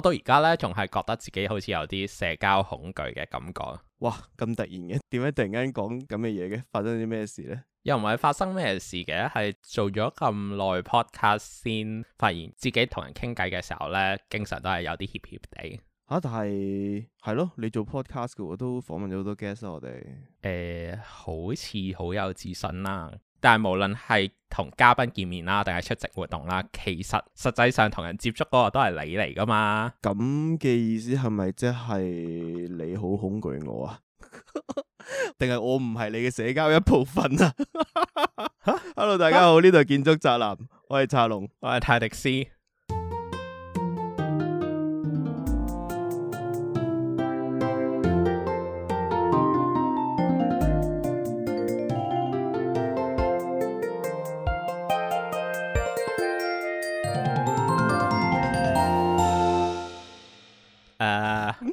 到而家咧，仲係覺得自己好似有啲社交恐懼嘅感覺。哇！咁突然嘅，點解突然間講咁嘅嘢嘅？發生啲咩事咧？又唔係發生咩事嘅，係做咗咁耐 podcast 先，發現自己同人傾偈嘅時候咧，經常都係有啲怯怯地嚇、啊。但係係咯，你做 podcast 嘅，我都訪問咗好多 guest，我哋誒好似好有自信啦～但係無論係同嘉賓見面啦，定係出席活動啦，其實實際上同人接觸嗰個都係你嚟噶嘛？咁嘅意思係咪即係你好恐懼我啊？定係 我唔係你嘅社交一部分啊 ？Hello 大家好，呢度係 建築宅男，我係茶龍， 我係泰迪斯。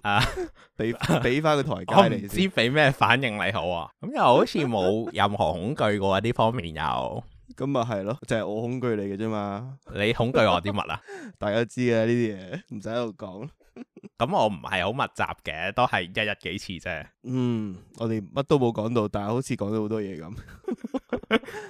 啊，俾俾翻個台階你，唔知俾咩反應你好啊？咁 又好似冇任何恐懼過、啊，呢 方面又咁咪係咯， 就係我恐懼你嘅啫嘛。你恐懼我啲乜啊？大家都知啊，呢啲嘢，唔使喺度講。咁我唔係好密集嘅，都係一日幾次啫。嗯，我哋乜都冇講到，但係好似講咗好多嘢咁。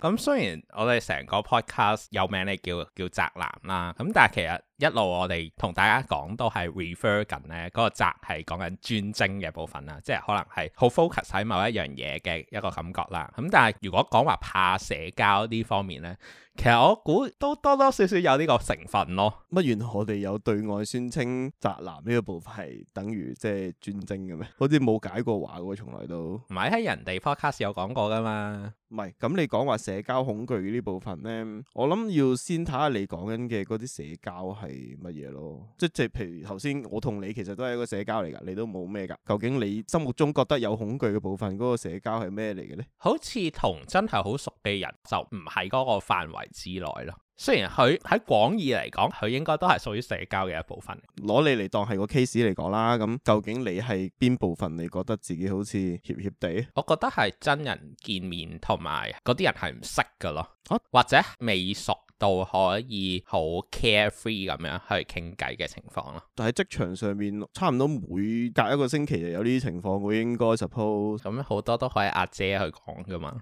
咁 雖然我哋成個 podcast 有名咧叫叫宅男啦，咁但係其實。一路我哋同大家講都係 refer 緊咧，嗰個宅係講緊專精嘅部分啦，即係可能係好 focus 喺某一樣嘢嘅一個感覺啦。咁但係如果講話怕社交呢方面咧，其實我估都多多少少有呢個成分咯。乜原來我哋有對外宣稱宅男呢個部分係等於即係專精嘅咩？好似冇解過話喎，從來都唔係喺人哋 podcast 有講過㗎嘛。唔係，咁你講話社交恐懼呢部分咧，我諗要先睇下你講緊嘅嗰啲社交係。係乜嘢咯？即即譬如頭先我同你其實都係一個社交嚟噶，你都冇咩噶。究竟你心目中覺得有恐懼嘅部分，嗰、嗰個社交係咩嚟嘅呢？好似同真係好熟嘅人就唔係嗰個範圍之內咯。雖然佢喺廣義嚟講，佢應該都係屬於社交嘅一部分。攞你嚟當係個 case 嚟講啦。咁究竟你係邊部分？你覺得自己好似怯怯地？我覺得係真人見面同埋嗰啲人係唔識噶咯，啊、或者未熟。到可以好 carefree 咁樣去傾偈嘅情況咯。但係職場上面，差唔多每隔一個星期就有呢啲情況，我應該 suppose 咁好多都可以阿姐去講㗎嘛。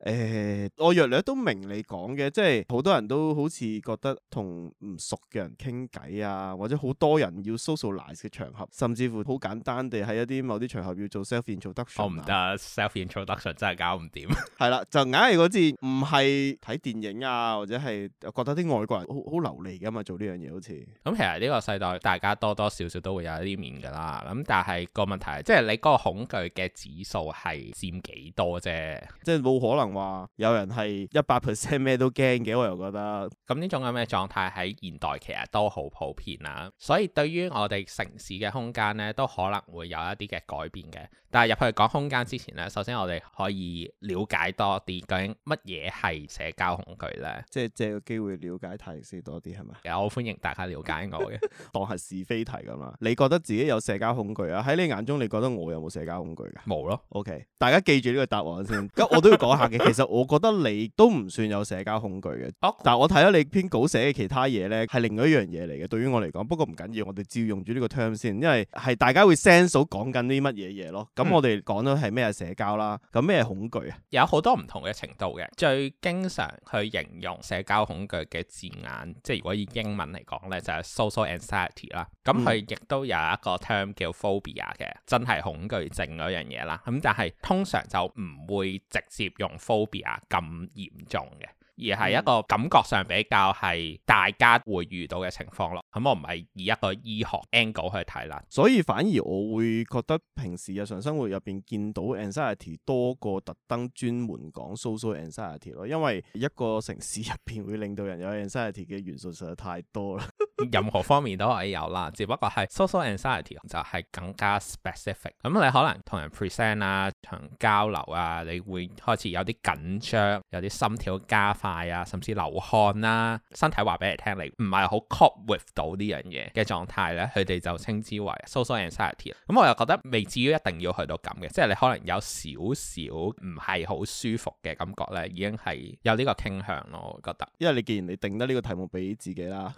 誒、 欸。我略略都明你講嘅，即係好多人都好似覺得同唔熟嘅人傾偈啊，或者好多人要 socialize 嘅場合，甚至乎好簡單地喺一啲某啲場合要做 self introduction。我唔得，self introduction 真係搞唔掂。係 啦，就硬係嗰次唔係睇電影啊，或者係覺得啲外國人好好流利㗎嘛，做呢樣嘢好似。咁其實呢個世代大家多多少少都會有一啲面㗎啦。咁但係個問題係，即係你嗰個恐懼嘅指數係佔幾多啫？即係冇可能話有人。係一百 percent 咩都驚嘅，我又覺得咁呢種咁嘅狀態喺現代其實都好普遍啦。所以對於我哋城市嘅空間咧，都可能會有一啲嘅改變嘅。但係入去講空間之前咧，首先我哋可以了解多啲究竟乜嘢係社交恐懼咧。即係借個機會了解睇先多啲係咪？有歡迎大家了解我嘅， 當係是是非題噶嘛？你覺得自己有社交恐懼啊？喺你眼中，你覺得我有冇社交恐懼噶、啊？冇咯。OK，大家記住呢個答案先。咁 我都要講下嘅，其實我覺得。 你都唔算有社交恐懼嘅，oh. 但係我睇咗你篇稿寫嘅其他嘢咧，係另外一樣嘢嚟嘅。對於我嚟講，不過唔緊要，我哋照用住呢個 term 先，因為係大家會 sense 到講緊啲乜嘢嘢咯。咁我哋講咗係咩社交啦，咁咩恐懼啊？有好多唔同嘅程度嘅。最經常去形容社交恐懼嘅字眼，即係如果以英文嚟講咧，就係 social anxiety 啦。咁佢亦都有一個 term 叫 phobia 嘅，真係恐懼症嗰樣嘢啦。咁但係通常就唔會直接用 phobia 咁，咁嚴重嘅，而係一個感覺上比較係大家會遇到嘅情況咯。咁我唔係以一個醫學 angle 去睇啦，所以反而我會覺得平時日常生活入邊見到 anxiety 多過特登專門講 social anxiety 咯。因為一個城市入邊會令到人有 anxiety 嘅元素實在太多啦，任何方面都可以有啦。只不過係 social anxiety 就係更加 specific。咁你可能同人 present 啊。交流啊，你會開始有啲緊張，有啲心跳加快啊，甚至流汗啦、啊，身體話俾你聽，你唔係好 cope with 到呢樣嘢嘅狀態咧，佢哋就稱之為 social anxiety。咁、嗯、我又覺得未至於一定要去到咁嘅，即係你可能有少少唔係好舒服嘅感覺咧，已經係有呢個傾向咯。我覺得，因為你既然你定得呢個題目俾自己啦，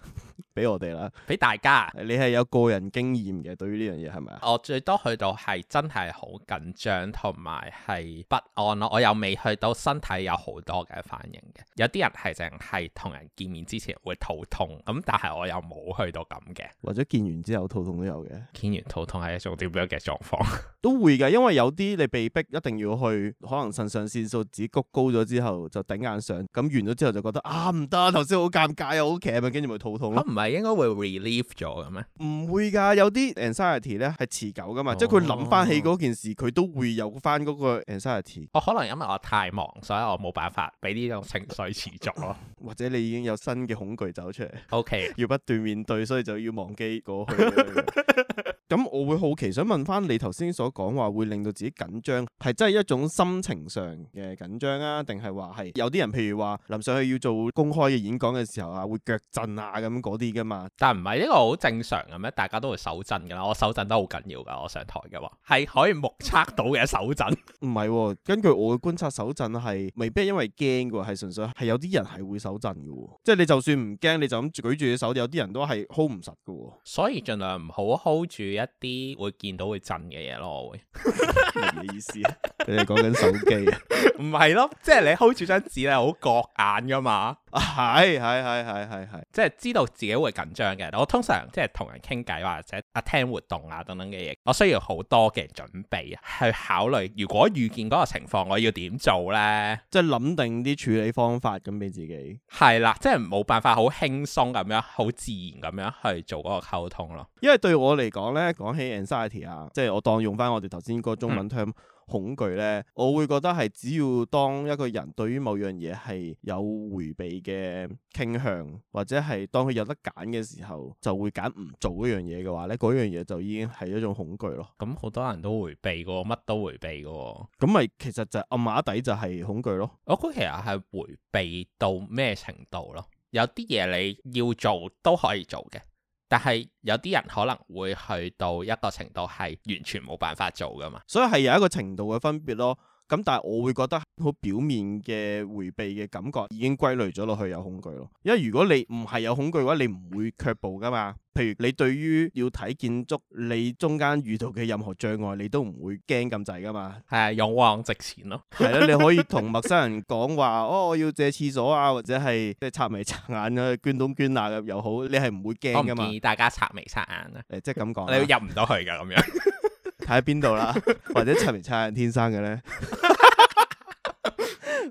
俾我哋啦，俾大家，你係有個人經驗嘅，對於呢樣嘢係咪啊？我最多去到係真係好緊張同。同埋係不安咯，我又未去到身體有好多嘅反應嘅。有啲人係淨係同人見面之前會肚痛，咁、嗯、但係我又冇去到咁嘅。或者見完之後肚痛都有嘅。見完肚痛係一種點樣嘅狀況？都會㗎，因為有啲你被逼一定要去，可能腎上腺素指谷高咗之後就頂硬上，咁、嗯、完咗之後就覺得啊唔得，頭先好尷尬啊好劇，咪跟住咪肚痛咯。咁唔係應該會 relieve 咗嘅咩？唔會㗎，有啲 anxiety 咧係持久㗎嘛，哦、即係佢諗翻起嗰件事佢都會有翻嗰個 anxiety，我、oh，可能因為我太忙，所以我冇辦法俾呢種情緒持續咯。 或者你已經有新嘅恐懼走出嚟。O Okay . K，要不斷面對，所以就要忘記過去。 咁我會好奇想問翻你頭先所講話會令到自己緊張，係真係一種心情上嘅緊張啊？定係話係有啲人譬如話臨上去要做公開嘅演講嘅時候啊，會腳震啊咁嗰啲㗎嘛？但唔係呢個好正常嘅咩？大家都會手震㗎啦，我手震得好緊要㗎，我上台嘅話係可以目測到嘅手震。唔 係、喎，根據我嘅觀察，手震係未必係因為驚㗎，係純粹係有啲人係會手震㗎喎、哦。即係你就算唔驚，你就咁舉住隻手，有啲人都係 hold 唔實㗎喎。所以盡量唔好 hold 住。一啲會見到會震嘅嘢咯。會咩意思？你哋講緊手機啊？唔係咯，即係你 hold 住張紙咧，好覺眼噶嘛？係係係係係係，即係知道自己會緊張嘅。我通常即係同人傾偈或者啊聽活動啊等等嘅嘢，我需要好多嘅準備，去考慮如果遇見嗰個情況，我要點做咧？即係諗定啲處理方法咁俾自己。係啦，即係冇辦法好輕鬆咁樣，好自然咁樣去做嗰個溝通咯。因為對我嚟講咧。一講起 anxiety 啊，即係我當用翻我哋頭先個中文 term、嗯、恐懼咧，我會覺得係只要當一個人對於某樣嘢係有迴避嘅傾向，或者係當佢有得揀嘅時候，就會揀唔做嗰樣嘢嘅話咧，嗰樣嘢就已經係一種恐懼咯。咁好、嗯、多人都迴避嘅，乜都迴避嘅，咁咪其實就暗媽底就係恐懼咯。我覺得其實係迴避到咩程度咯？有啲嘢你要做都可以做嘅。但係有啲人可能會去到一個程度係完全冇辦法做噶嘛，所以係有一個程度嘅分別咯。咁但係我會覺得。好表面嘅回避嘅感覺已經歸類咗落去有恐懼咯，因為如果你唔係有恐懼嘅話，你唔會卻步噶嘛。譬如你對於要睇建築，你中間遇到嘅任何障礙，你都唔會驚咁滯噶嘛。係啊，勇往直前咯。係咯，你可以同陌生人講話， 哦，我要借廁所啊，或者係即係插眉插眼啊，捐窿捐罅又好，你係唔會驚噶嘛。建議大家插眉插眼啊，即係咁講，就是、你會入唔到去㗎咁樣，睇喺邊度啦， 或者插眉插眼天，天生嘅咧。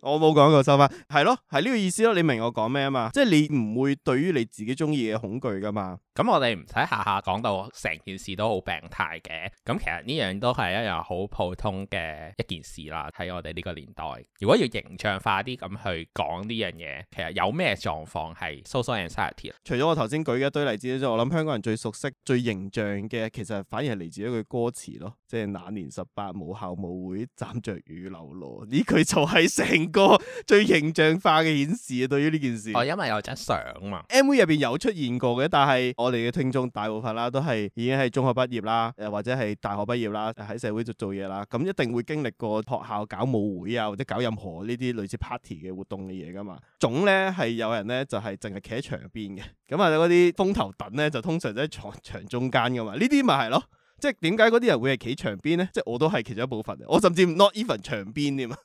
我冇講過收翻，係咯，係呢個意思咯，你明我講咩啊嘛，即係你唔會對於你自己中意嘅恐懼噶嘛。咁我哋唔使下下講到成件事都好病態嘅，咁其實呢樣都係一樣好普通嘅一件事啦。喺我哋呢個年代，如果要形象化啲咁去講呢樣嘢，其實有咩狀況係 social anxiety？除咗我頭先舉一堆例子咧，我諗香港人最熟悉、最形象嘅，其實反而係嚟自一句歌詞咯，即係那年十八無校無會，站着雨流落，呢佢就係成個最形象化嘅顯示啊。對於呢件事，哦，因為有張相嘛，MV 入邊有出現過嘅，但係我哋嘅聽眾大部分啦，都係已經喺中學畢業啦，誒或者係大學畢業啦，喺社會做做嘢啦，咁一定會經歷過學校搞舞會啊，或者搞任何呢啲類似 party 嘅活動嘅嘢噶嘛。總咧係有人咧就係淨係企喺牆入邊嘅，咁啊嗰啲風頭躉咧就通常就喺場場中間噶嘛，呢啲咪係咯。即係點解嗰啲人會係企牆邊咧？即係我都係其中一部分，我甚至 not even 牆邊添嘛，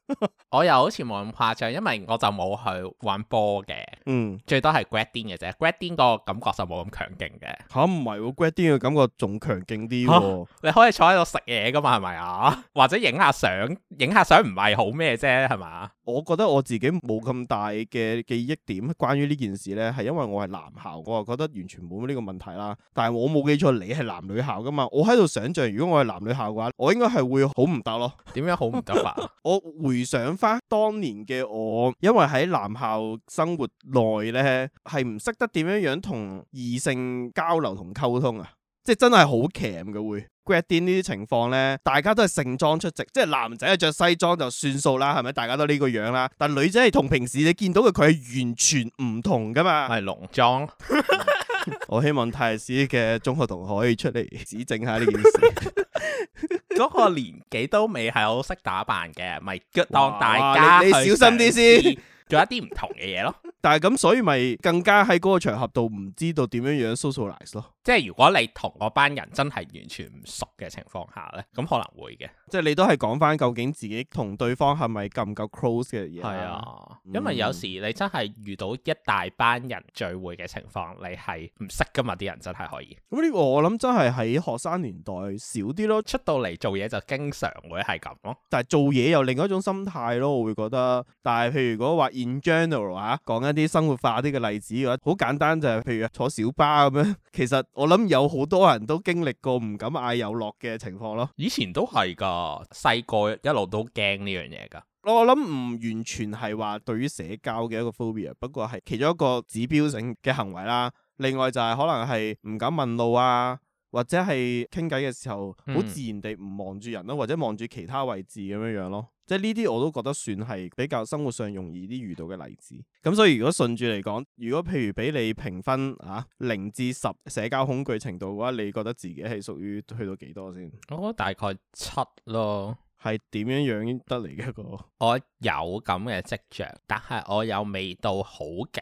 我又好似冇咁誇張，因為我就冇去玩波嘅，嗯，最多係 Graddin 嘅啫，Graddin 個感覺就冇咁強勁嘅。吓唔係，啊啊，Graddin 嘅感覺仲強勁啲。你可以坐喺度食嘢噶嘛？係咪啊？ 或者影下相，影下相唔係好咩啫？係咪？我覺得我自己冇咁大嘅記憶點關於呢件事咧，係因為我係男校，我啊覺得完全冇呢個問題啦。但係我冇記錯，你係男女校噶嘛？我喺度。想象如果我係男女校嘅話，我應該係會好唔得咯。點樣好唔得啊？ 我回想翻當年嘅我，因為喺男校生活內呢，係唔識得點樣樣同異性交流同溝通啊。即係真係好鉗嘅會 Graddin 呢啲情況呢，大家都係盛裝出席，即係男仔係着西裝就算數啦，係咪？大家都呢個樣啦。但女仔係同平時你見到嘅佢係完全唔同噶嘛？係濃妝。 我希望泰師嘅中學同學可以出嚟指正下呢件事。 嗰 個年紀都未係好識打扮嘅，咪哇當大家你，你小心啲先，做一啲唔同嘅嘢咯。 但係咁，所以咪更加喺嗰個場合度唔知道點樣樣 socialize 咯。即係如果你同嗰班人真係完全唔熟嘅情況下呢，咁可能會嘅。即係你都係講翻究竟自己同對方係咪夠唔夠 close 嘅嘢。係啊，啊嗯、因為有時你真係遇到一大班人聚會嘅情況，你係唔識噶嘛啲人真係可以。咁呢個我諗真係喺學生年代少啲。出到嚟做嘢就經常會係咁咯，但係做嘢又另一種心態咯，我會覺得。但係譬如如果話 in general 嚇、啊、講一啲生活化啲嘅例子嘅話，好簡單就係譬如坐小巴咁樣，其實我諗有好多人都經歷過唔敢嗌有落嘅情況咯。以前都係㗎，細個一路都驚呢樣嘢㗎。我諗唔完全係話對於社交嘅一個 phobia，不過係其中一個指標性嘅行為啦。另外就係可能係唔敢問路啊。或者係傾偈嘅時候，好自然地唔望住人咯，嗯、或者望住其他位置咁樣樣咯。即係呢啲我都覺得算係比較生活上容易啲遇到嘅例子。咁所以如果順住嚟講，如果譬如俾你評分吓零至十社交恐懼程度嘅話，你覺得自己係屬於去到幾多先？我覺得大概七咯。係點樣樣得嚟嘅一個？ 我有咁嘅跡象，但係我又未到好極。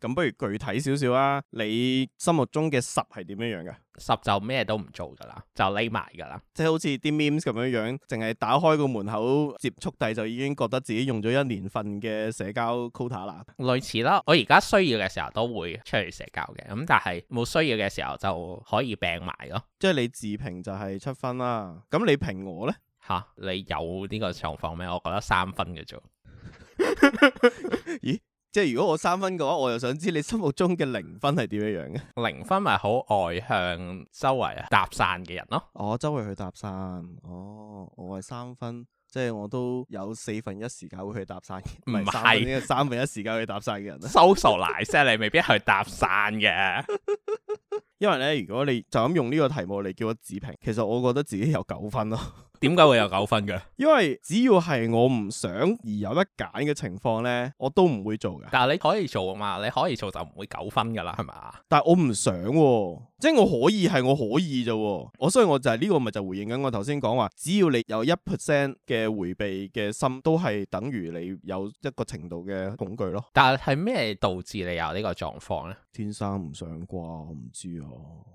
咁不如具體少少啦，你心目中嘅十係點樣樣嘅？十就咩都唔做噶啦，就匿埋噶啦，即係好似啲 memes 咁樣樣，淨係打開個門口接觸第就已經覺得自己用咗一年份嘅社交 quota 啦。類似啦，我而家需要嘅時候都會出嚟社交嘅，咁但係冇需要嘅時候就可以病埋咯。即係你自評就係七分啦，咁你評我咧吓？你有呢個情況咩？我覺得三分嘅啫。 咦？即係如果我三分嘅話，我又想知你心目中嘅零分係點樣樣嘅？零分咪好外向周、啊啊哦，周圍啊搭訕嘅人咯。我周圍去搭訕，哦，我係三分，即係我都有四分一時間會去搭訕嘅。唔係，三分一時間去搭訕嘅人、啊。socialize 你未必係去搭訕嘅。 因為咧，如果你就咁用呢個題目嚟叫我自評，其實我覺得自己有九分咯、啊。點解會有九分嘅？因為只要係我唔想而有得揀嘅情況咧，我都唔會做嘅。但係你可以做啊嘛，你可以做就唔會九分噶啦，係咪啊？但係我唔想喎，即係我可以係我可以啫喎。我所以我就係呢個咪就回應緊我頭先講話，只要你有一 percent 嘅回避嘅心，都係等於你有一個程度嘅恐懼咯。但係咩導致你有呢個狀況咧？天生唔想啩？我唔知啊。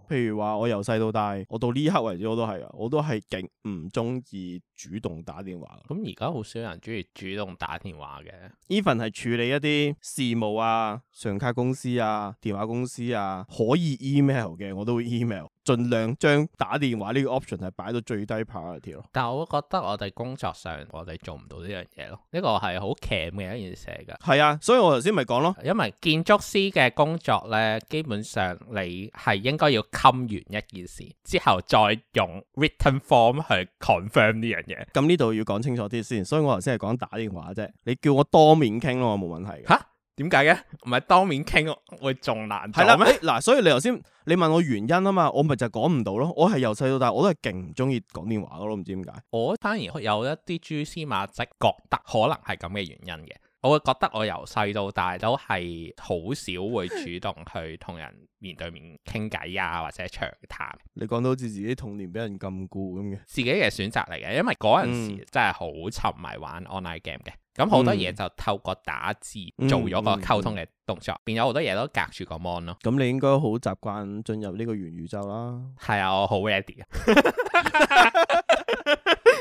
譬如話我由細到大，我到呢刻為止我都係啊，我都係勁唔中意。中意主動打電話，咁而家好少人中意主動打電話嘅。even 係處理一啲事務啊、信用卡公司啊、電話公司啊，可以 email 嘅，我都會 email，盡量將打電話呢個 option 係擺到最低 priority 咯。但係我覺得我哋工作上，我哋做唔到呢樣嘢咯，呢、這個係好 cam 嘅一件事嚟噶。係啊，所以我頭先咪講咯，因為建築師嘅工作咧，基本上你係應該要勘完一件事之後，再用 written form 去 f 呢樣嘢，咁呢度要講清楚啲先，所以我頭先係講打電話啫，你叫我當面傾咯，我冇問題嘅。吓，點解嘅？唔係當面傾，的我仲難做咩？嗱，欸，所以你頭先你問我原因啊嘛，我咪就係講唔到咯。我係由細到大，我都係勁唔中意講電話噶咯，唔知點解。我反而有一啲蛛絲馬迹，覺得可能係咁嘅原因嘅。我會覺得我由細到大都係好少會主動去同人面對面傾偈啊，或者長談。 你講到好似自己童年俾人禁錮咁嘅，自己嘅選擇嚟嘅，因為嗰陣時、嗯、真係好沉迷玩 online game 嘅，咁好多嘢就透過打字做咗個溝通嘅動作，嗯嗯、變咗好多嘢都隔住個 mon 咯。咁你應該好習慣進入呢個元宇宙啦。係啊，我好 ready 啊！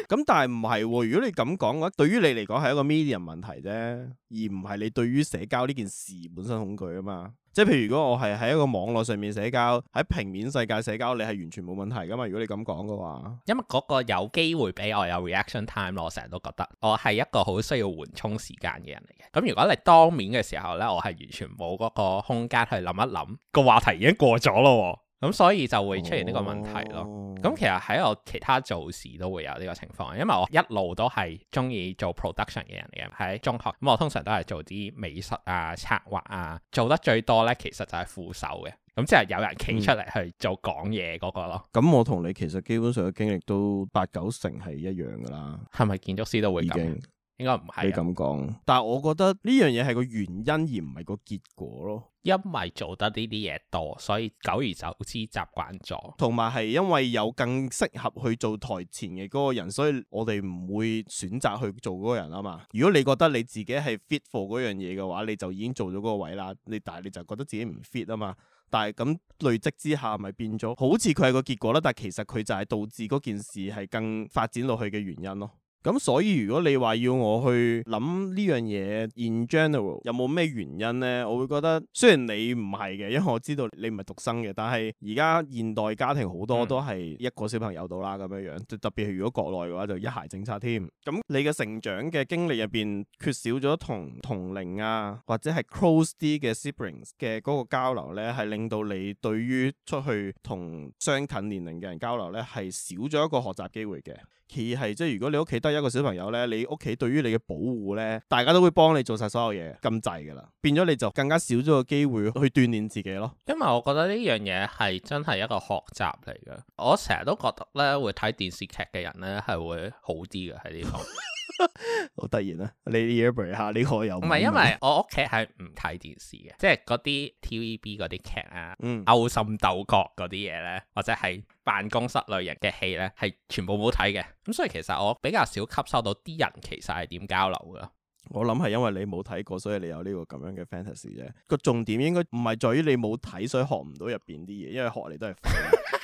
咁但係唔係喎，如果你咁講嘅話，對於你嚟講係一個 medium 問題啫，而唔係你對於社交呢件事本身恐懼啊嘛。即係譬如，如果我係喺一個網絡上面社交，喺平面世界社交，你係完全冇問題㗎嘛？如果你咁講嘅話，因為嗰個有機會俾我有 reaction time，我成日都覺得我係一個好需要緩衝時間嘅人嚟嘅。咁如果你當面嘅時候呢，我係完全冇嗰個空間去諗一諗，個話題已經過咗咯。咁、嗯、所以就會出現呢個問題咯。咁、哦嗯、其實喺我其他做事都會有呢個情況，因為我一路都係中意做 production 嘅人嘅。喺中學咁、嗯，我通常都係做啲美術啊、策劃啊，做得最多咧，其實就係副手嘅。咁、嗯嗯、即係有人企出嚟去做講嘢嗰個咯。咁我同你其實基本上嘅經歷都八九成係一樣噶啦。係咪建築師都會咁？已經應該唔係，你咁講，但係我覺得呢樣嘢係個原因而唔係個結果咯。因為做得呢啲嘢多，所以久而久之習慣咗，同埋係因為有更適合去做台前嘅嗰個人，所以我哋唔會選擇去做嗰個人啊嘛。如果你覺得你自己係 fit for 嗰樣嘢嘅話，你就已經做咗嗰個位啦。你但係你就覺得自己唔 fit 啊嘛。但係咁累積之下是是，咪變咗好似佢係個結果啦，但係其實佢就係導致嗰件事係更發展落去嘅原因咯。咁所以如果你話要我去諗呢樣嘢 in general 有冇咩原因呢？我會覺得雖然你唔係嘅，因為我知道你唔係獨生嘅，但係而家現代家庭好多都係一個小朋友到啦咁樣樣，嗯、特別係如果國內嘅話就一孩政策添。咁你嘅成長嘅經歷入邊缺少咗同同齡啊或者係 close 啲嘅 siblings 嘅嗰個交流呢，係令到你對於出去同相近年齡嘅人交流呢，係少咗一個學習機會嘅。佢係即係如果你屋企得一個小朋友咧，你屋企對於你嘅保護咧，大家都會幫你做晒所有嘢，咁滯噶啦，變咗你就更加少咗個機會去鍛鍊自己咯。因為我覺得呢樣嘢係真係一個學習嚟嘅，我成日都覺得咧會睇電視劇嘅人咧係會好啲嘅喺呢度。 好 突然啊！你 uber 下呢個有唔係？因為我屋企係唔睇電視嘅，即係嗰啲 TVB 嗰啲劇啊，勾心、嗯、鬥角嗰啲嘢咧，或者係辦公室類型嘅戲咧，係全部冇睇嘅。咁所以其實我比較少吸收到啲人其實係點交流㗎。我諗係因為你冇睇過，所以你有呢個咁樣嘅 fantasy 啫。個重點應該唔係在於你冇睇，所以學唔到入邊啲嘢，因為學嚟都係。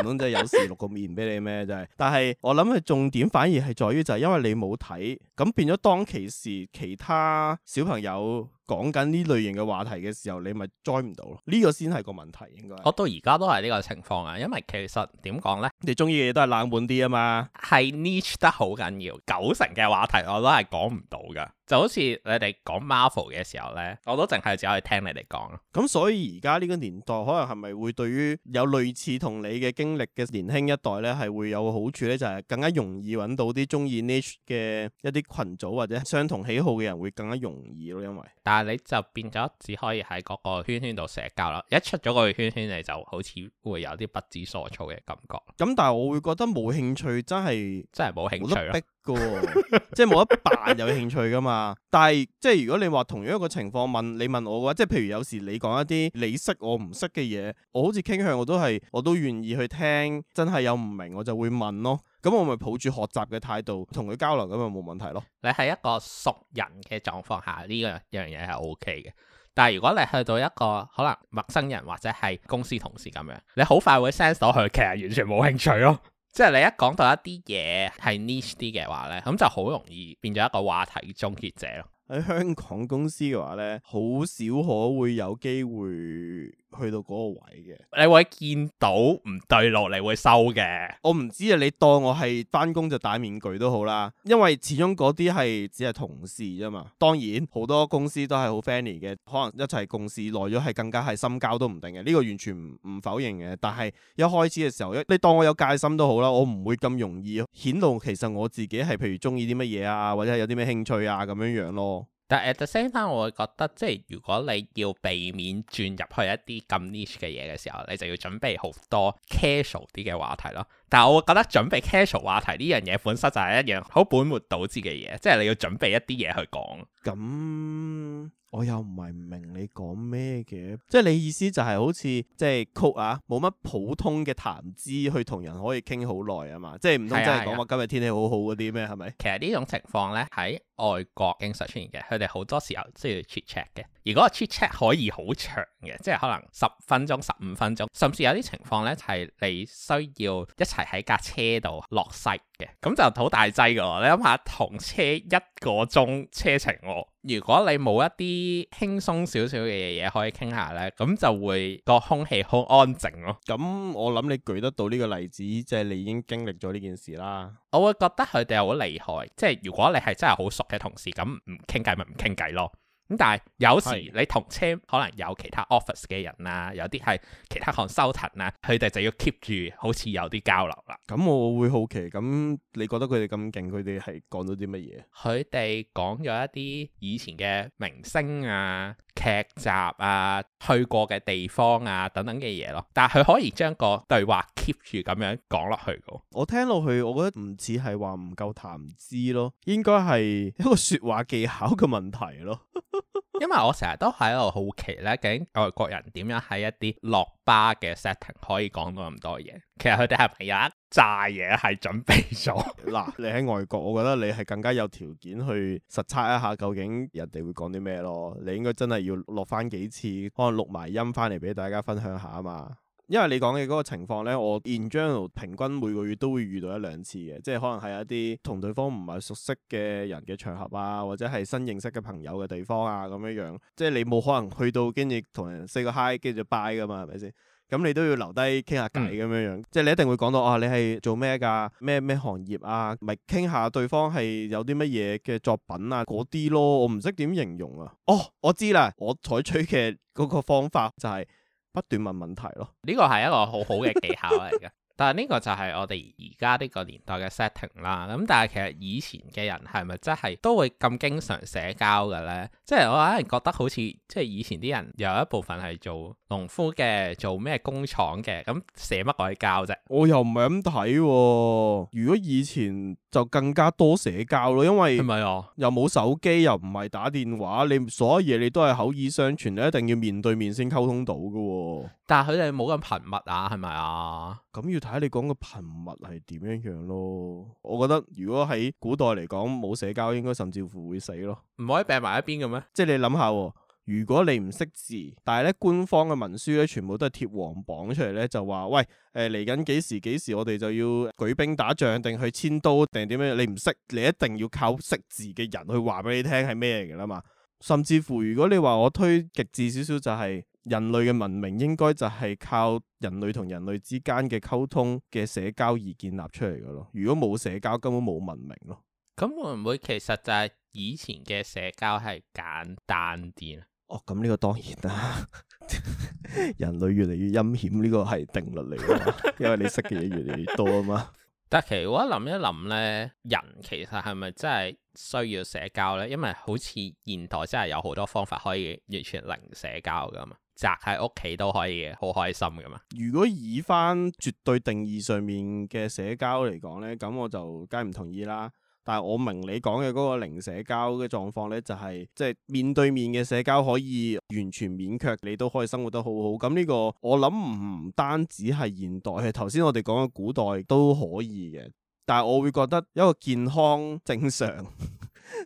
唔通真係有時錄個面俾你咩？真係。但係我諗嘅重點反而係在於就係因為你冇睇，咁變咗當其時其他小朋友講緊呢類型嘅話題嘅時候，你咪栽唔到咯。呢個先係個問題。應該我到而家都係呢個情況啊，因為其實點講呢？你中意嘅嘢都係冷門啲啊嘛，係 niche 得好緊要，九成嘅話題我都係講唔到噶，就好似你哋講 Marvel 嘅時候呢，我都淨係只可以聽你哋講咯。咁所以而家呢個年代可能係咪會對於有類似同你嘅經歷嘅年輕一代呢，係會有個好處呢？就係更加容易揾到啲中意 niche 嘅一啲群組或者相同喜好嘅人，會更加容易咯。因為但係你就變咗只可以喺嗰個圈圈度社交啦，一出咗個圈圈你就好似會有啲不知所措嘅感覺。咁但係我會覺得冇興趣，真係真係冇興趣咯， 即係冇得扮有興趣噶嘛。但係即係如果你話同樣一個情況問你問我嘅話，即係譬如有時你講一啲你識我唔識嘅嘢，我好似傾向我都係我都願意去聽，真係有唔明我就會問咯。咁我咪抱住學習嘅態度同佢交流，咁就冇問題咯。你係一個熟人嘅狀況下，呢、這個樣嘢係 O K 嘅。但係如果你去到一個可能陌生人或者係公司同事咁樣，你好快會 sense 到佢其實完全冇興趣咯、哦。 即係你一講到一啲嘢係 niche 啲嘅話呢，咁就好容易變咗一個話題終結者咯。喺香港公司嘅話呢，好少可會有機會，去到嗰個位嘅，你會見到唔對落嚟會收嘅。我唔知啊，你當我係翻工，就戴面具都好啦，因為始終嗰啲係只係同事啫嘛。當然好多公司都係好 friendly 嘅，可能一齊共事耐咗係更加係深交都唔定嘅。呢個完全唔唔否認嘅。但係一開始嘅時候，你當我有戒心都好啦，我唔會咁容易顯露其實我自己係譬如中意啲乜嘢啊，或者係有啲咩興趣啊咁樣樣咯。但 at the same time，我會覺得即係如果你要避免轉入去一啲咁 niche 嘅嘢嘅時候，你就要準備好多 casual 啲嘅話題咯。但我會覺得準備 casual 話題呢樣嘢本身就係一樣好本末倒置嘅嘢，即係你要準備一啲嘢去講咁。我又唔係唔明你講咩嘅，即係你意思就係好似即係曲啊，冇乜普通嘅談資去同人可以傾好耐啊嘛，即係唔通真係講話今日，天、天氣好好嗰啲咩係咪？其實呢種情況咧喺外國經常出現嘅，佢哋好多時候需要 chit chat 嘅。如果 chit chat 可以好長嘅，即係可能十分鐘、十五分鐘，甚至有啲情況咧係、就係，你需要一齊喺架車度落細。咁就好大劑噶，你諗下同車一個鐘車程喎、哦，如果你冇一啲輕鬆少少嘅嘢可以傾下呢，咁就會個空氣好安靜咯、哦。咁、嗯、我諗你舉得到呢個例子，即、就、係、是、你已經經歷咗呢件事啦。我會覺得佢哋好厲害，即係如果你係真係好熟嘅同事，咁唔傾偈咪唔傾偈咯。咁但係有時是你同 team 可能有其他 office 嘅人啊，有啲係其他行收塵啊，佢哋就要 keep 住好似有啲交流啦。咁我會好奇，咁你覺得佢哋咁勁，佢哋係講咗啲乜嘢？佢哋講咗一啲以前嘅明星啊。劇集啊，去過嘅地方啊，等等嘅嘢咯。但係佢可以將個對話 keep 住咁樣講落去嘅。我聽落去，我覺得唔似係話唔夠談資咯，應該係一個說話技巧嘅問題咯。 因為我成日都喺度好奇呢，究竟外國人點樣喺一啲落巴嘅 setting 可以講到咁多嘢？其實佢哋係咪有一？炸嘢係準備咗嗱， 你喺外國，我覺得你係更加有條件去實測一下究竟人哋會講啲咩咯。你應該真係要落翻幾次，可能錄埋音翻嚟俾大家分享下啊嘛。因為你講嘅嗰個情況咧，我 in general 平均每個月都會遇到一兩次嘅，即係可能係一啲同對方唔係熟悉嘅人嘅場合啊，或者係新認識嘅朋友嘅地方啊，咁樣樣。即係你冇可能去到跟住同人 say 個 hi 跟住就拜噶嘛，係咪先？咁你都要留低傾下偈咁樣樣，嗯、即係你一定會講到啊，你係做咩㗎？咩咩行業啊？咪傾下對方係有啲乜嘢嘅作品啊嗰啲咯，我唔識點形容啊。哦，我知啦，我採取嘅嗰個方法就係不斷問問題咯。呢個係一個好好嘅技巧嚟嘅。但係呢個就係我哋而家呢個年代嘅 setting 啦，咁但係其實以前嘅人係咪真係都會咁經常社交嘅呢？即係我啱啱覺得好似即係以前啲人有一部分係做農夫嘅，做咩工廠嘅，咁寫乜鬼交啫？我又唔係咁睇喎，如果以前。就更加多社交咯，因為係咪啊？又冇手機，又唔係打電話，你所有嘢你都係口耳相傳，你一定要面對面先溝通到噶喎。但係佢哋冇咁頻密啊，係咪啊？咁要睇下你講嘅頻密係點樣樣咯。我覺得如果喺古代嚟講，冇社交應該甚至乎會死咯。唔可以病埋一邊嘅咩？即係你諗下喎。如果你唔識字，但係咧官方嘅文書咧全部都係貼黃榜出嚟咧，就話喂，誒嚟緊幾時幾時，我哋就要舉兵打仗定去遷都定點樣？你唔識，你一定要靠識字嘅人去話俾你聽係咩嘅㗎啦嘛。甚至乎，如果你話我推極致少少就係人類嘅文明應該就係靠人類同人類之間嘅溝通嘅社交而建立出嚟嘅咯。如果冇社交，根本冇文明咯。咁會唔會其實就係以前嘅社交係簡單啲？哦，咁、這、呢個當然啦， 人類越嚟越陰險，呢、這個係定律嚟噶嘛，因為你識嘅嘢越嚟越多啊嘛。 但係其實我諗一諗咧，人其實係咪真係需要社交咧？因為好似現代真係有好多方法可以完全零社交噶嘛，宅喺屋企都可以好開心噶嘛。如果以翻絕對定義上面嘅社交嚟講咧，咁我就梗係唔同意啦。但係我明你講嘅嗰個零社交嘅狀況呢，就係即係面對面嘅社交可以完全免卻，你都可以生活得好好。咁呢個我諗唔單止係現代，係頭先我哋講嘅古代都可以嘅。但係我會覺得一個健康正常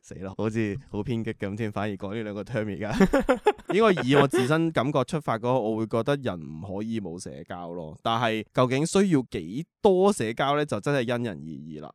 死咯， 好似好偏激咁添。反而講呢兩個 term 而家，呢 該以我自身感覺出發嗰個，我會覺得人唔可以冇社交咯。但係究竟需要幾多社交呢？就真係因人而異啦。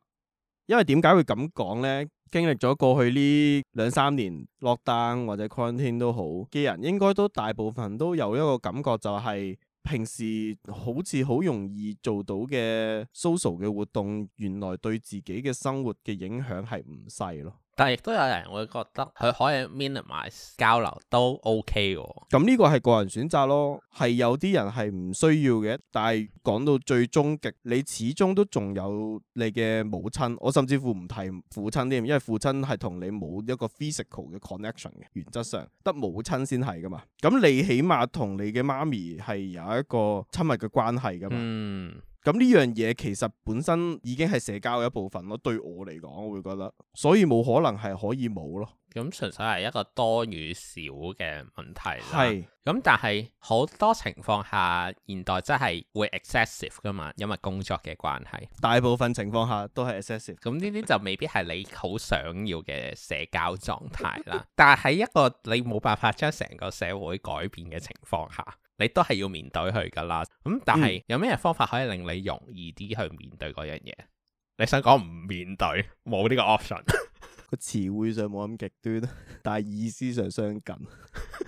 因為點解會咁講呢？經歷咗過去呢兩三年落單或者 quarantine 都好嘅人，應該都大部分都有一個感覺，就係平時好似好容易做到嘅 social 嘅活動，原來對自己嘅生活嘅影響係唔細咯。但係亦都有人會覺得佢可以 minimise 交流都 OK 喎。咁呢個係個人選擇咯，係有啲人係唔需要嘅。但係講到最終極，你始終都仲有你嘅母親。我甚至乎唔提父親添，因為父親係同你冇一個 physical 嘅 connection 嘅。原則上得母親先係㗎嘛。咁你起碼同你嘅媽咪係有一個親密嘅關係㗎嘛。嗯。咁呢樣嘢其實本身已經係社交嘅一部分咯，對我嚟講我會覺得，所以冇可能係可以冇咯。咁純粹係一個多與少嘅問題。係是。咁但係好多情況下，現代真係會 excessive 噶嘛，因為工作嘅關係，大部分情況下都係 excessive。咁呢啲就未必係你好想要嘅社交狀態啦。 但係喺一個你冇辦法將成個社會改變嘅情況下。你都係要面對佢噶啦，咁但係有咩方法可以令你容易啲去面對嗰樣嘢？嗯、你想講唔面對，冇呢個 option。個詞彙上冇咁極端，但係意思上相近。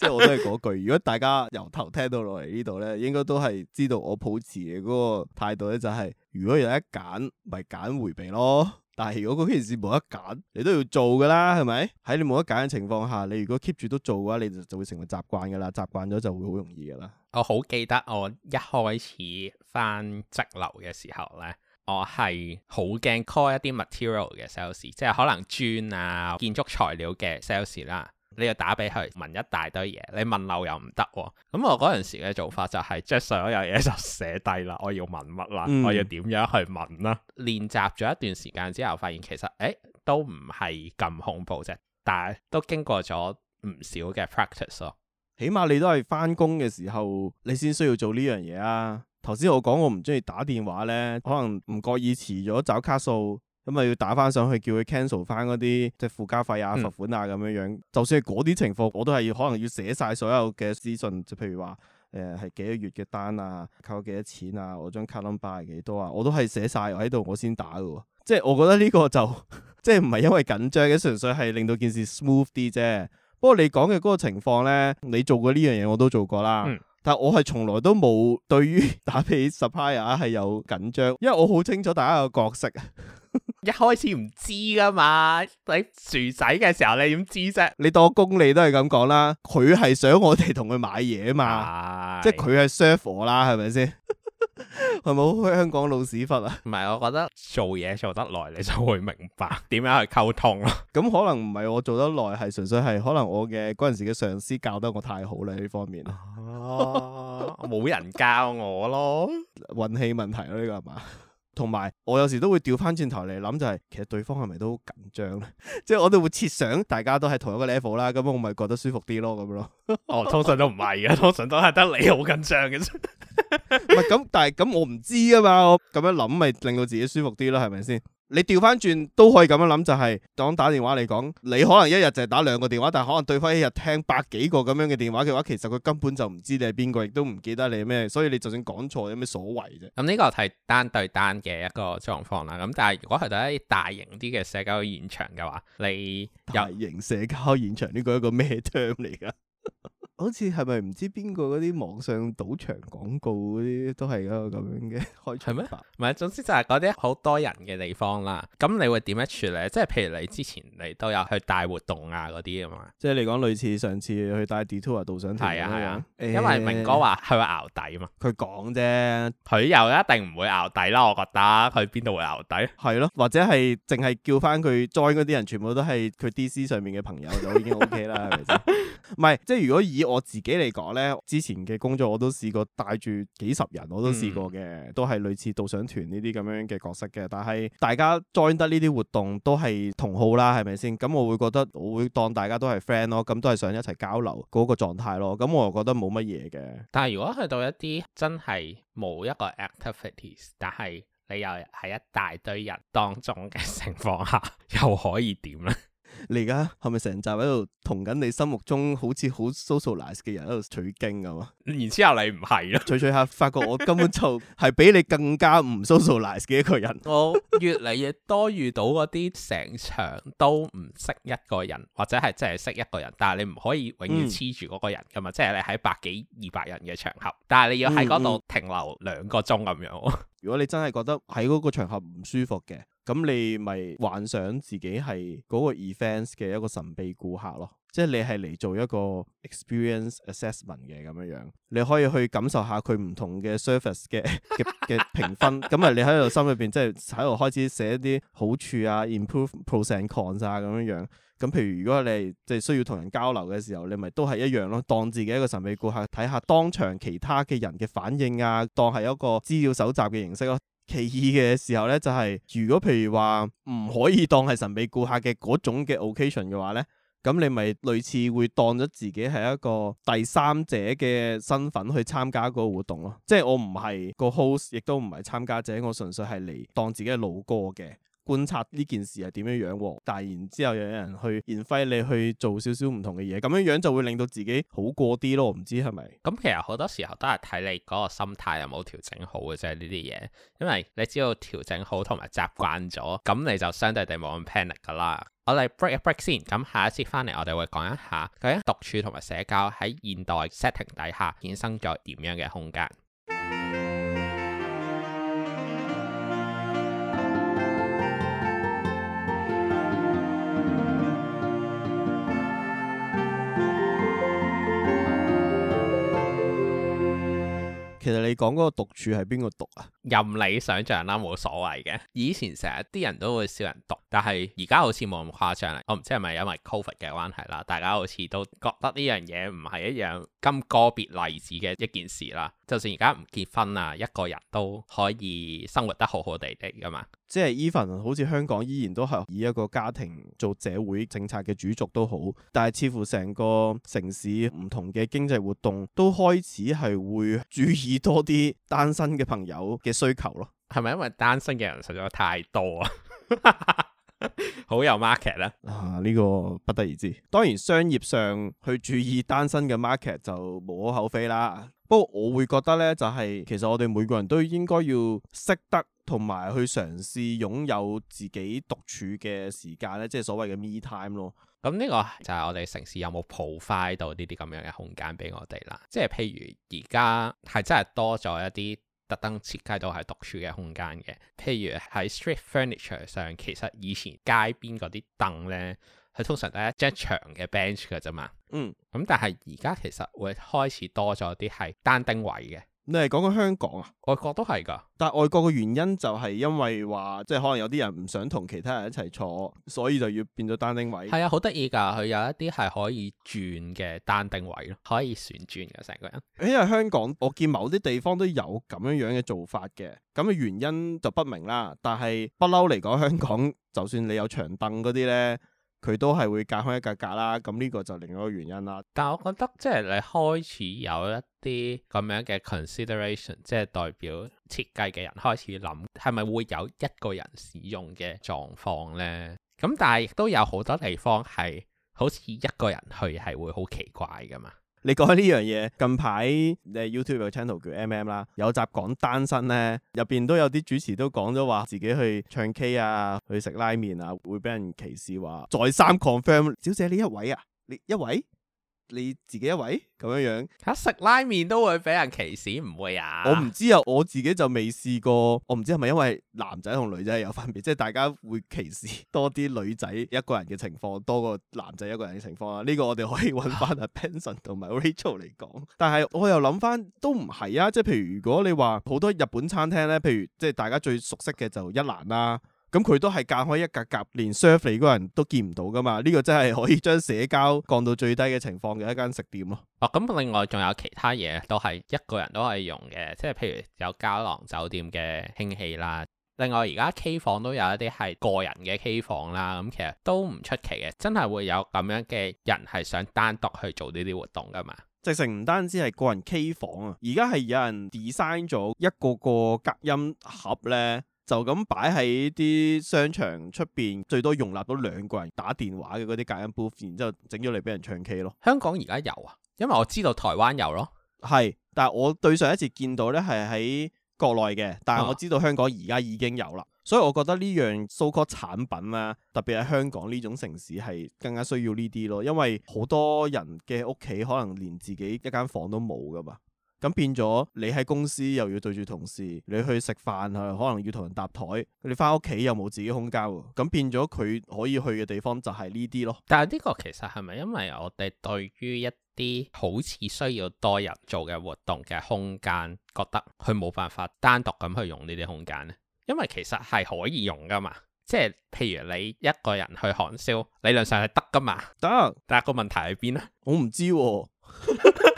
即係我都係嗰句，如果大家由頭聽到落嚟呢度咧，應該都係知道我抱持嘅嗰個態度咧、就係，就係如果有一揀，咪揀迴避咯。但係如果嗰件事冇得揀，你都要做㗎啦，係咪？喺你冇得揀嘅情況下，你如果 keep 住都做嘅話，你就就會成為習慣㗎喇，習慣咗就會好容易㗎喇。我好記得我一開始返直流嘅時候咧，我係好驚 call 一啲 material 嘅 sales，即係可能磚啊、建築材料嘅 sales 啦。你要打俾佢問一大堆嘢，你問漏又唔得喎，咁我嗰陣時嘅做法就係將所有嘢就寫低啦，我要問乜啦，嗯、我要點樣去問啦。嗯、練習咗一段時間之後，發現其實誒都唔係咁恐怖啫，但係都經過咗唔少嘅 practice 咯。起碼你都係翻工嘅時候，你先需要做呢樣嘢啊。頭先我講我唔中意打電話咧，可能唔覺意遲咗找卡數。咁啊，要打翻上去叫佢 cancel 翻嗰啲即附加費啊、罰款啊咁樣樣。嗯、就算係嗰啲情況，我都係要可能要寫晒所有嘅資訊，就譬如話誒係幾個月嘅單啊，扣咗幾多錢啊，我張卡 number 係幾多啊，我都係寫晒喺度，我先打嘅。即係我覺得呢個就即係唔係因為緊張嘅，純粹係令到件事 smooth 啲啫。不過你講嘅嗰個情況咧，你做過呢樣嘢我都做過啦，嗯、但係我係從來都冇對於打俾 supplier 係有緊張，因為我好清楚大家個角色。 一開始唔知噶嘛，你薯仔嘅時候你點知啫？你當我公你都係咁講啦，佢係想我哋同佢買嘢嘛，即係佢係 sell 我啦，係咪先？係咪好香港老屎忽啊？唔係，我覺得做嘢做得耐，你就會明白點樣去溝通咯。咁 可能唔係我做得耐，係純粹係可能我嘅嗰陣時嘅上司教得我太好啦呢方面，哦、啊，冇 人教我咯，運氣問題咯、啊、呢、這個係嘛？同埋，有我有時都會調翻轉頭嚟諗，就係其實對方係咪都緊張咧？即係我哋會設想大家都喺同一個 level 啦，咁我咪覺得舒服啲咯，咁咯。 哦，通常都唔係嘅，通常都係得你好緊張嘅啫。唔 咁， 但係咁我唔知啊嘛。我咁樣諗咪令到自己舒服啲咯，係咪先？你調翻轉都可以咁樣諗，就係當打電話嚟講，你可能一日就係打兩個電話，但係可能對方一日聽百幾個咁樣嘅電話嘅話，其實佢根本就唔知你係邊個，亦都唔記得你咩，所以你就算講錯有咩所謂啫。咁呢個係單對單嘅一個狀況啦。咁但係如果係喺大型啲嘅社交現場嘅話，你大型社交現場呢個係一個咩 term 嚟噶？好似係咪唔知邊個嗰啲網上賭場廣告嗰啲都係一個咁樣嘅開場咩？唔係，總之就係嗰啲好多人嘅地方啦。咁你會點樣處理？即係譬如你之前你都有去大活動啊嗰啲啊嘛。即係你講類似上次去 deTour 啊度上台啊，係啊。欸、因為明哥話去熬底啊嘛。佢講啫，佢又一定唔會熬底啦。我覺得佢邊度會熬底？係咯、啊，或者係淨係叫翻佢 join 嗰啲人，全部都係佢 DC 上面嘅朋友就已經 OK 啦，係咪先？ 唔係，即係如果以我自己嚟講咧，之前嘅工作我都試過帶住幾十人，嗯、我都試過嘅，都係類似導賞團呢啲咁樣嘅角色嘅。但係大家 join 得呢啲活動都係同好啦，係咪先？咁、嗯、我會覺得我會當大家都係 friend 咯，咁、嗯、都係想一齊交流嗰個狀態咯。咁、嗯、我又覺得冇乜嘢嘅。但係如果去到一啲真係冇一個 activities，但係你又係一大堆人當中嘅情況下，又可以點呢？ 你而家係咪成集喺度同緊你心目中好似好 socialize 嘅人喺度取經啊？然之後你唔係咯，取取下發覺我根本就係 比你更加唔 socialize 嘅一個人。我越嚟越多遇到嗰啲成場都唔識一個人，或者係真係識一個人，但係你唔可以永遠黐住嗰個人噶嘛？即係你喺百幾、二百人嘅場合，但係你要喺嗰度停留兩個鐘咁樣。如果你真係覺得喺嗰個場合唔舒服嘅，咁你咪幻想自己係嗰個 event 嘅一個神秘顧客咯，即係你係嚟做一個 experience assessment 嘅咁樣樣，你可以去感受下佢唔同嘅 service 嘅嘅嘅評分，咁啊 你喺度心裏邊即係喺度開始寫一啲好處啊啊，improve pros cons 啊咁樣樣，咁譬如如果你即係需要同人交流嘅時候，你咪都係一樣咯，當自己一個神秘顧客睇下當場其他嘅人嘅反應啊，當係一個資料搜集嘅形式咯、啊。其二嘅時候呢，就係、是、如果譬如話唔可以當係神秘顧客嘅嗰種嘅 occasion 嘅話呢，咁你咪類似會當咗自己係一個第三者嘅身份去參加嗰個活動咯。即係我唔係個 host，亦都唔係參加者，我純粹係嚟當自己係路過嘅。觀察呢件事係點樣樣，但係然之後又有人去 invite 你去做少少唔同嘅嘢，咁樣樣就會令到自己好過啲咯。唔知係咪？咁其實好多時候都係睇你嗰個心態有冇調整好嘅啫。呢啲嘢，因為你只要調整好同埋習慣咗，咁你就相對地冇咁 panic 㗎啦。我哋 break 一 break 先，咁下一節翻嚟我哋會講一下究竟獨處同埋社交喺現代 setting 底下衍生咗點樣嘅空間。 其實你講嗰個獨處係邊個獨啊？任你想象啦，冇所謂嘅。以前成日啲人都會笑人獨，但係而家好似冇咁誇張啦。我唔知係咪因為 Covid 嘅關係啦，大家好似都覺得呢樣嘢唔係一樣咁個別例子嘅一件事啦。就算而家唔結婚啊，一個人都可以生活得好好地嘅嘛。即係 even 好似香港依然都係以一個家庭做社會政策嘅主軸都好，但係似乎成個城市唔同嘅經濟活動都開始係會注意多啲單身嘅朋友嘅需求咯。係咪因為單身嘅人實在太多啊？ 好有 market 咧，啊，啊、這、呢個不得而知。當然商業上去注意單身嘅 market 就無可厚非啦。不過我會覺得呢，就係、是、其實我哋每個人都應該要識得同埋去嘗試擁有自己獨處嘅時間咧，即、就、係、是、所謂嘅 me time 咯。咁呢、嗯，這個就係我哋城市有冇 provide 到呢啲咁樣嘅空間俾我哋啦。即係譬如而家係真係多咗一啲。特登設計到係獨處嘅空間嘅，譬如喺 street furniture 上，其實以前街邊嗰啲凳咧，佢通常都係一張長嘅 bench 噶啫嘛。嗯。咁、嗯、但係而家其實會開始多咗啲係單丁位嘅。你係講緊香港啊？外國都係㗎，但係外國嘅原因就係因為話，即係可能有啲人唔想同其他人一齊坐，所以就要變咗單丁位。係啊，好得意㗎，佢有一啲係可以轉嘅單丁位咯，可以旋轉嘅成個人。因為香港，我見某啲地方都有咁樣樣嘅做法嘅，咁嘅原因就不明啦。但係不嬲嚟講，香港就算你有長凳嗰啲咧。佢都係會隔開一格格啦，咁、這、呢個就另外一個原因啦。但係我覺得即係你開始有一啲咁樣嘅 consideration，即係代表設計嘅人開始諗係咪會有一個人使用嘅狀況呢？咁但係亦都有好多地方係好似一個人去係會好奇怪噶嘛。你講呢樣嘢，近排誒 YouTube 嘅 channel 叫 MM 啦，有集講單身咧，入邊都有啲主持都講咗話自己去唱 K 啊，去食拉麵啊，會俾人歧視話，再三 confirm，小姐你一位啊？你一位？你自己一位咁樣樣，食拉麵都會俾人歧視，唔會啊？我唔知啊，我自己就未試過。我唔知係咪因為男仔同女仔有分別，即係大家會歧視多啲女仔一個人嘅情況，多過男仔一個人嘅情況啊？呢、呢個我哋可以揾翻阿、啊、Benson 同埋 Rachel 嚟講。 但係我又諗翻都唔係啊，即係譬如如果你話好多日本餐廳呢，譬如即係大家最熟悉嘅就一蘭啦、啊。咁佢都係隔開一格格，連 serve 你嗰人都見唔到噶嘛？呢個真係可以將社交降到最低嘅情況嘅一間食店咯、哦。啊，咁另外仲有其他嘢都係一個人都可以用嘅，即係譬如有膠囊酒店嘅興起啦。另外而家 K 房都有一啲係個人嘅 K 房啦。咁、嗯、其實都唔出奇嘅，真係會有咁樣嘅人係想單獨去做呢啲活動噶嘛？直情唔單止係個人 K 房啊，而家係有人 design 咗一個個隔音盒咧。就咁擺喺啲商場出邊，最多容納到兩個人打電話嘅嗰啲隔音 booth，然之後整咗嚟俾人唱 K 咯。香港而家有啊，因為我知道台灣有咯，係，但係我對上一次見到呢係喺國內嘅，但係我知道香港而家已經有啦，啊、所以我覺得呢樣 so called 產品啊，特別係香港呢種城市係更加需要呢啲咯，因為好多人嘅屋企可能連自己一間房都冇噶嘛。咁變咗，你喺公司又要對住同事，你去食飯啊，可能要同人搭台。你返屋企又冇自己空間喎，咁變咗佢可以去嘅地方就係呢啲咯。但係呢個其實係咪因為我哋對於一啲好似需要多人做嘅活動嘅空間，覺得佢冇辦法單獨咁去用呢啲空間呢？因為其實係可以用㗎嘛，即係譬如你一個人去韓燒，理論上係得㗎嘛，得行。但係個問題喺邊呢？我唔知、啊。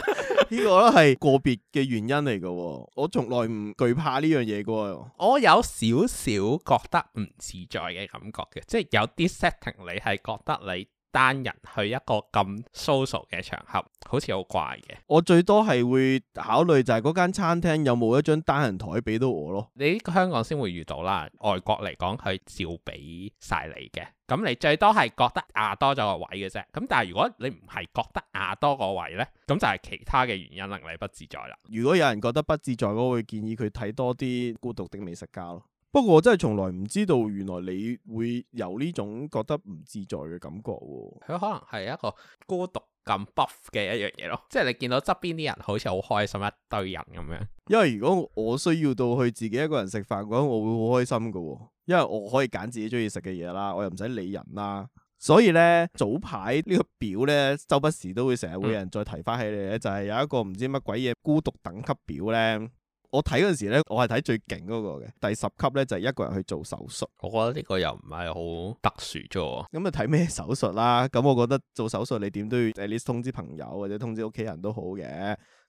呢 個咧係個別嘅原因嚟嘅，哦，我從來唔懼怕呢樣嘢嘅。我有少少覺得唔自在嘅感覺嘅，即係有啲 setting 你係覺得你。單人去一個咁 social 嘅場合，好似好怪嘅。我最多係會考慮就係嗰間餐廳有冇一張單人台俾到我咯。你喺香港先會遇到啦，外國嚟講係照俾晒你嘅。咁你最多係覺得啊多咗個位嘅啫。咁但係如果你唔係覺得啊多個位呢，咁就係其他嘅原因令你不自在啦。如果有人覺得不自在，我會建議佢睇多啲孤獨的美食家咯。不過我真係從來唔知道，原來你會有呢種覺得唔自在嘅感覺，哦。佢可能係一個孤獨感 buff 嘅一樣嘢咯。即係你見到側邊啲人，好似好開心一堆人咁樣。因為如果我需要到去自己一個人食飯嘅話，我會好開心噶，哦。因為我可以揀自己中意食嘅嘢啦，我又唔使理人啦。所以呢，早排呢個表呢，周不時都會成日會有人再提翻起嚟，呢、嗯、就係有一個唔知乜鬼嘢孤獨等級表呢。我睇嗰陣時咧，我係睇最勁嗰個嘅第十級咧，就係一個人去做手術。我覺得呢個又唔係好特殊啫。咁啊睇咩手術啦？咁我覺得做手術你點都要 at least 通知朋友或者通知屋企人都好嘅。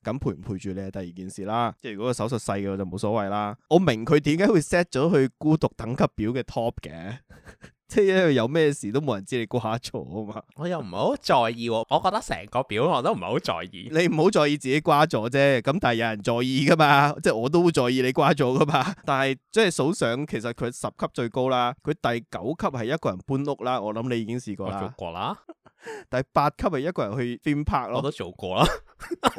咁陪唔陪住你，第二件事啦。即係如果個手術細嘅就冇所謂啦。我明佢點解會 set 咗去孤獨等級表嘅 top 嘅。 即係有咩事都冇人知你瓜咗啊嘛！我又唔係好在意，啊，我覺得成個表我都唔係好在意。你唔好在意自己瓜咗啫，咁但係有人在意噶嘛，即係我都好在意你瓜咗噶嘛。但係即係數上，其實佢十級最高啦，佢第九級係一個人搬屋啦，我諗你已經試過啦。做過啦，第八級係一個人去 theme park 咯，我都做過啦，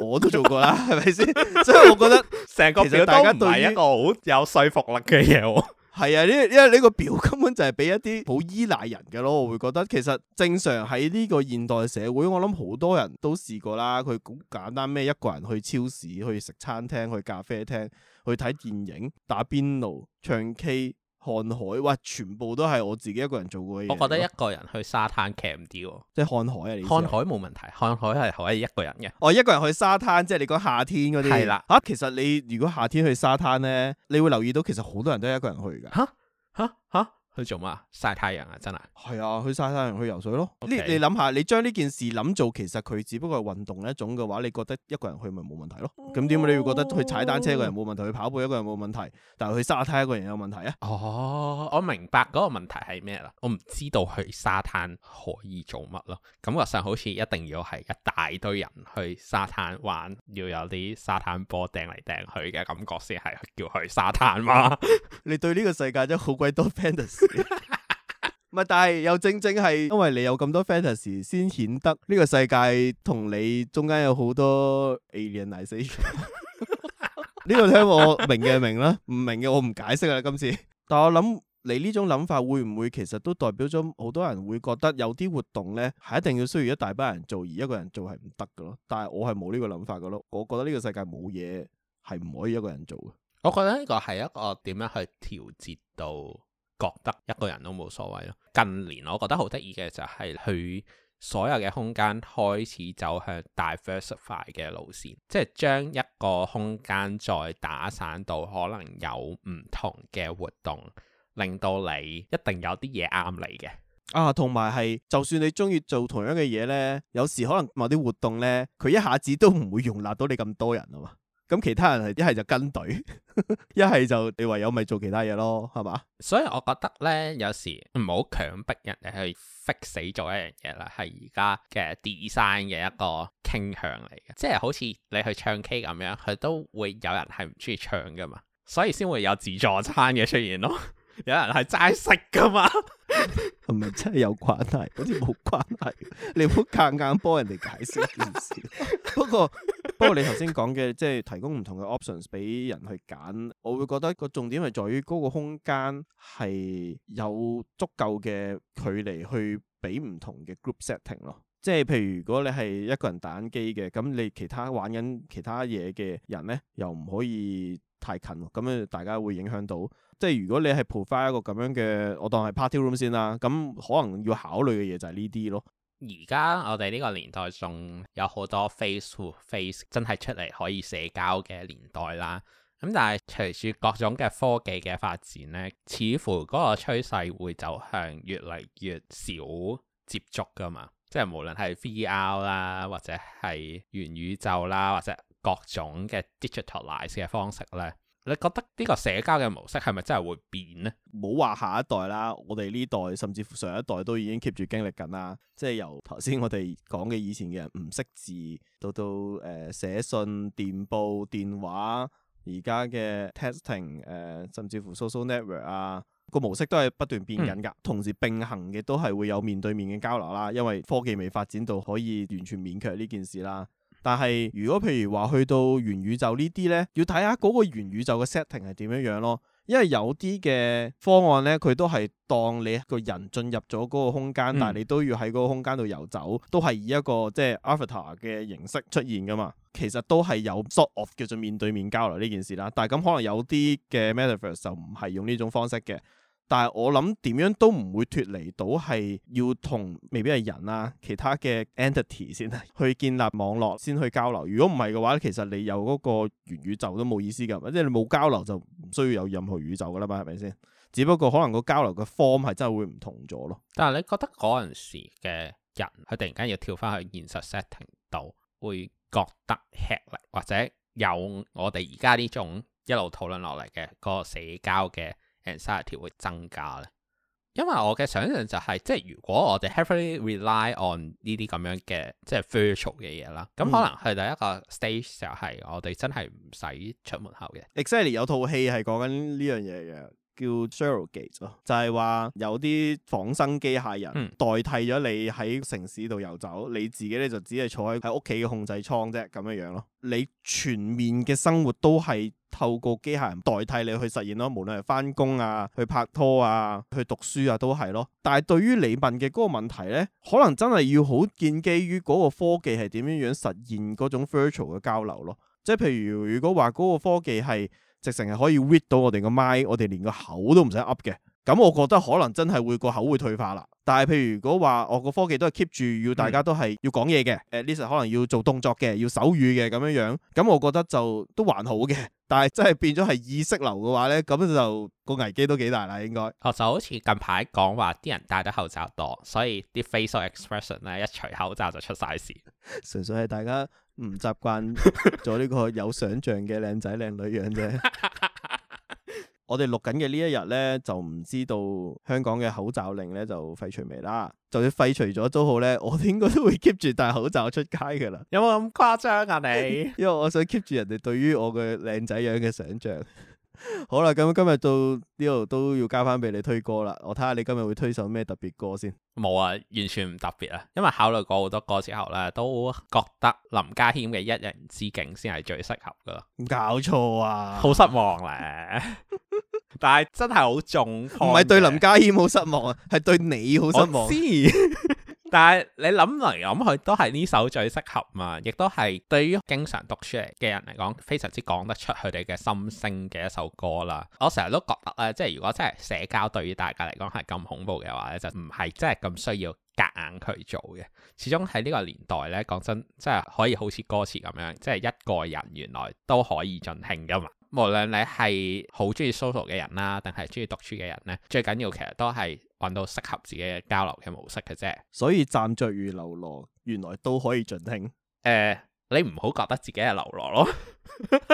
我都做過啦，係咪先？所以我覺得成個表大家都唔係一個好有說服力嘅嘢。係啊，呢呢個表根本就係俾一啲好依賴人嘅咯。我會覺得其實正常喺呢個現代社會，我諗好多人都試過啦。佢好簡單咩，一個人去超市，去食餐廳，去咖啡廳，去睇電影，打邊爐，唱 K。看海，哇！全部都係我自己一個人做過嘅。我覺得一個人去沙灘 cam 啲喎，即係看海啊呢啲。看海冇問題，看海係可以一個人嘅。我、哦、一個人去沙灘，即係你講夏天嗰啲。係啦了，嚇、啊！其實你如果夏天去沙灘咧，你會留意到其實好多人都係一個人去㗎。嚇嚇嚇！去做乜啊？曬太陽啊！真係係啊，去曬太陽，去游水咯。呢 Okay. 你諗下，你將呢件事諗做，其實佢只不過係運動一種嘅話，你覺得一個人去咪冇問題咯？咁點解你會覺得去踩單車一個人冇問題，去跑步一個人冇問題，但係去沙灘一個人有問題啊？哦，我明白嗰個問題係咩啦？我唔知道去沙灘可以做乜咯。感覺上好似一定要係一大堆人去沙灘玩，要有啲沙灘波掟嚟掟去嘅感覺先係叫去沙灘嘛？ 你對呢個世界真係好鬼多 fans。唔係， 但係又正正係因為你有咁多 fantasy，先顯得呢個世界同你中間有好多 alienization。呢、like、 個聽我明嘅明啦，唔明嘅我唔解釋啦。今次，但係我諗你呢種諗法會唔會其實都代表咗好多人會覺得有啲活動呢係一定要需要一大班人做，而一個人做係唔得㗎囉。但係我係冇呢個諗法㗎囉，我覺得呢個世界冇嘢係唔可以一個人做嘅。我覺得呢個係一個點樣去調節到。覺得一個人都冇所謂咯。近年我覺得好得意嘅就係佢所有嘅空間開始走向 diversify 嘅路線，即係將一個空間再打散到可能有唔同嘅活動，令到你一定有啲嘢啱你嘅。啊，同埋係就算你中意做同樣嘅嘢呢，有時可能某啲活動呢，佢一下子都唔會容納到你咁多人啊嘛。咁其他人係一係就跟隊，一係就你唯有咪做其他嘢咯，係嘛？所以我覺得咧，有時唔好強逼人哋去 fix 死做一樣嘢啦，係而家嘅 design 嘅一個傾向嚟嘅。即係好似你去唱 K 咁樣，佢都會有人係唔中意唱噶嘛，所以先會有自助餐嘅出現咯。有人係齋食噶嘛，係咪真係有關係？好似冇關係，你夾硬硬幫人哋解釋件事，不過。 不過你頭先講嘅即係提供唔同嘅 options 俾人去揀，我會覺得個重點係在於嗰個空間係有足夠嘅距離去俾唔同嘅 group setting 咯。即係譬如如果你係一個人打緊機嘅，咁你其他玩緊其他嘢嘅人呢又唔可以太近，咁樣大家會影響到。即係如果你係 provide 一個咁樣嘅，我當係 party room 先啦。咁可能要考慮嘅嘢就係呢啲咯。而家我哋呢個年代仲有好多 face to face 真係出嚟可以社交嘅年代啦，咁但係隨住各種嘅科技嘅發展呢，似乎嗰個趨勢會走向越嚟越少接觸噶嘛，即係無論係 VR 啦，或者係元宇宙啦，或者各種嘅 digitalize 嘅方式呢。你覺得呢個社交嘅模式係咪真係會變呢？冇話下一代啦，我哋呢代甚至乎上一代都已經 keep 住經歷緊啦。即係由頭先我哋講嘅以前嘅人唔識字，到到誒寫、呃、信、電報、電話，而家嘅 testing 誒，甚至乎 social network 啊，這個模式都係不斷變緊㗎。嗯、同時並行嘅都係會有面對面嘅交流啦，因為科技未發展到可以完全勉強呢件事啦。但係如果譬如話去到元宇宙呢啲咧，要睇下嗰個元宇宙嘅 setting 係點樣樣咯。因為有啲嘅方案咧，佢都係當你一個人進入咗嗰個空間，嗯、但係你都要喺嗰個空間度遊走，都係以一個即係 avatar 嘅形式出現噶嘛。其實都係有 sort of 叫做面對面交流呢件事啦。但係咁可能有啲嘅 metaverse 就唔係用呢種方式嘅。但係我諗點樣都唔會脫離到係要同未必係人啊，其他嘅 entity 先去建立網絡，先去交流。如果唔係嘅話，其實你有嗰個元宇宙都冇意思噶，即係你冇交流就唔需要有任何宇宙噶啦嘛，係咪先？只不過可能個交流嘅 form 係真係會唔同咗咯。但係你覺得嗰陣時嘅人，佢突然間要跳翻去現實 setting 度，會覺得吃力，或者有我哋而家呢種一路討論落嚟嘅嗰個社交嘅 entity 會增加咧，因為我嘅想像就係，即係如果我哋 heavily rely on 呢啲咁樣嘅即係 virtual 嘅嘢啦，咁可能係第一個 stage 就係我哋真係唔使出門口嘅。exactly 有套戲係講緊呢樣嘢嘅。叫 Surrogate 咯，就係話有啲仿生機械人代替咗你喺城市度遊走，嗯、你自己咧就只係坐喺喺屋企嘅控制艙啫咁樣樣咯。你全面嘅生活都係透過機械人代替你去實現咯，無論係翻工啊、去拍拖啊、去讀書啊都係咯。但係對於你問嘅嗰個問題咧，可能真係要好建基於嗰個科技係點樣樣實現嗰種 virtual 嘅交流咯。即係譬如如果話嗰個科技係。直情係可以 read 到我哋個麥，我哋連個口都唔使 up 嘅，咁我覺得可能真係會個口會退化啦。但係，譬如如果話我個科技都係 keep 住要大家都係要講嘢嘅，誒，Lisa 可能要做動作嘅，要手語嘅咁樣樣，咁我覺得就都還好嘅。但係真係變咗係意識流嘅話呢，咁就個危機都幾大啦，應該。哦，就好似近排講話啲人戴得口罩多，所以啲 facial expression 咧一除口罩就出晒事。純粹係大家唔習慣做呢個有想像嘅靚仔靚女樣啫。我哋錄緊嘅呢一日呢，就唔知道香港嘅口罩令呢就廢除未啦。就算廢除咗都好呢，我應該都會 keep 住戴口罩出街噶啦。有冇咁誇張啊你？ 因為我想 keep 住人哋對於我嘅靚仔樣嘅想象 好啦，咁今日到呢度都要交翻俾你推歌啦，我睇下你今日會推首咩特別歌先。冇啊，完全唔特別啊，因為考慮過好多歌之後，嗰時候咧都覺得林家謙嘅一人之境先係最適合噶。唔搞錯啊，好失望咧， 但係真係好重，唔係對林家謙好失望啊，係對你好失望。 但係你諗嚟諗去都係呢首最適合嘛，亦都係對於經常讀書嘅人嚟講，非常之講得出佢哋嘅心聲嘅一首歌啦。我成日都覺得咧，即係如果真係社交對於大家嚟講係咁恐怖嘅話咧，就唔係真係咁需要夾硬去做嘅。始終喺呢個年代咧，講真，即係可以好似歌詞咁樣，即係一個人原來都可以盡興噶嘛。無論你係好中意 social 嘅人啦、啊，定係中意獨處嘅人咧、啊，最緊要其實都係揾到適合自己嘅交流嘅模式嘅啫。所以站著如嘍囉，原來都可以盡興。誒、呃，你唔好覺得自己係嘍囉咯。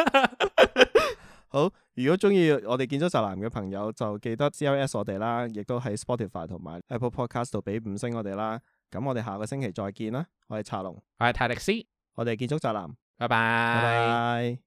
好，如果中意我哋建築宅男嘅朋友，就記得 C L S 我哋啦，亦都喺 Spotify 同埋 Apple Podcast 度俾五星我哋啦。咁我哋下個星期再見啦。我係茶龍，我係泰力斯，我哋建築宅男，拜拜 bye。Bye bye.